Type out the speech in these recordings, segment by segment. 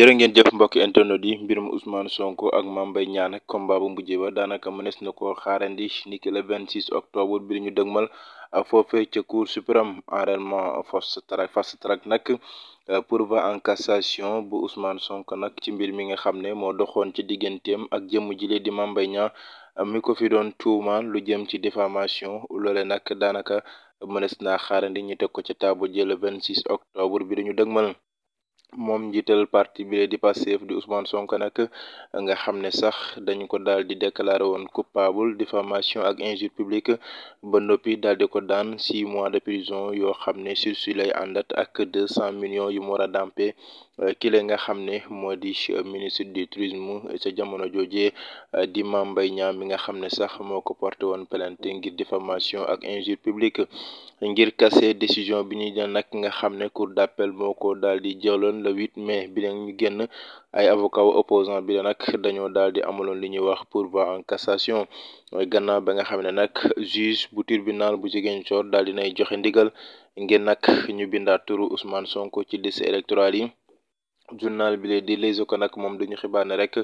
jërë ngeen jëf mbokk internet yi mbirum Ousmane sonk ak Mame Mbaye Niang ak combat bu ba daanaka mënees na ko xaarandi niki le 26 octobre bi ñu dëgmal uh, foofe ca cour suprême enrèlement fast track fast track nag uh, pourvoi en cassation bu Ousmane sonk nag ci mbir mi nga xam ne moo doxoon ci digganteem ak jëmm jile di Mame Mbaye Niang uh, mi ko fi doon tuumaal lu jëm ci diffamation loole nag daanaka mënees naa xaarandi ñu teg ko ca taabu ji le 26 octobre bi dañu dëgmal moom njiital parti bile di Pastef di Ousmane sonk nag nga xam ne sax dañu ko daal di déclaré woon coupable diffamation ak injure publique ba noppi daal di ko daan six mois de prison yoo xam ne sursis lay àndat ak deux cent millions yu war a dàmpe kile nga xam ne moo di ministre du tourisme ca jamono jooje di Mame Mbaye Niang mi nga xam ne sax moo ko porté woon plainte ngir diffamation ak injure publique ngir casser décision bi ñuy jël nag nga xam ne cour d'appel moo ko daal di jëloon le 8 mai bi ñu génn ay avocat wu opposant bi la nag dañoo daal di amaloon li ñuy wax pourvoi en cassation gannaaw ba nga xam ne nag juge bu tribunal bu Ziguinchor daal di nay joxe ndigal ngir nag ñu bindaat turu Ousmane Sonko ci liste électorale yi. journal bi lee di Les Échos nag moom dañu xibaar ne rek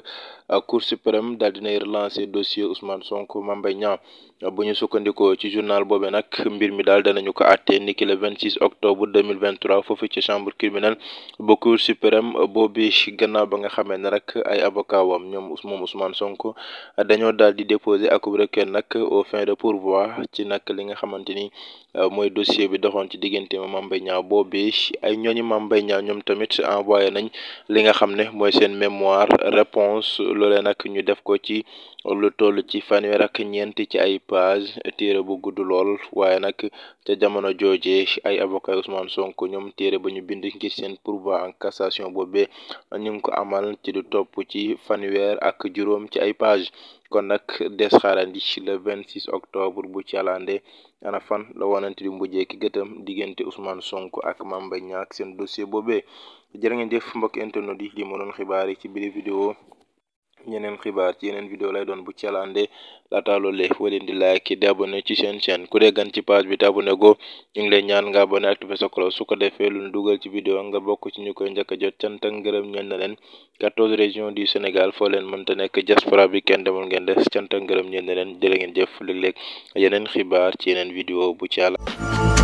euh, Cour suprême daal dinay relancer dossier Ousmane sonk Mame Mbaye Niang euh, bu ñu sukkandikoo ci journal boobe nag mbir mi daal danañu ko àttee niki le 26 octobre 2023 foofu ci chambre criminelle bu Cour suprême euh, boobi gannaaw ba nga xamee ne rek ay avocat ñoom moom Ousmane Sonko dañoo dal di déposer akub requête nag au fin de pourvoi ci nag li nga xamante ni mooy dossier bi doxoon ci diggante Mame Mbaye Niang boobi ay ñooñu Mame Mbaye Niang ñoom tamit envoyé nañ li nga xam ne mooy seen mémoire réponse loolee nag ñu def ko ci lu toll ci fanweer ak ñeent ci ay page téere bu gudd lool waaye nag ca jamono joojee ay avocat Ousmane sonk ñoom téere ba ñu bind ngir seen pourvoi en cassation boobee ñu ngi ko amal ci lu topp ci fanweer ak juróom ci ay page kon nag des xaarandi le 26 octobre bu ci àllande ana fan la wanante di mbujjee ki gëtam diggante Ousmane Sonko ak Mame Mbaye Niang ak seen dossier boobee jërë ngeen jëf mbokk internet yi li mënoon xibaar yi ci biir vidéo yeneen xibaar ci yeneen vidéo lay doon bu ci yàlla àndee laataa loolu léegi foo leen di like di abonné ci seen chaîne ku dee gan ci page bi te abonné go ñu ngi lay ñaan nga abonné activé sa su ko defee lu ñu dugal ci vidéo nga bokk ci ñu koy njëkk jot cant ak ngërëm ñeel na leen quatorze régions du Sénégal foo leen mënta nekk diaspora bi kenn demul ngeen des cant ak ngërëm ñeel na leen jërë ngeen jëf léeg-léeg yeneen xibaar ci yeneen vidéo bu ci yàlla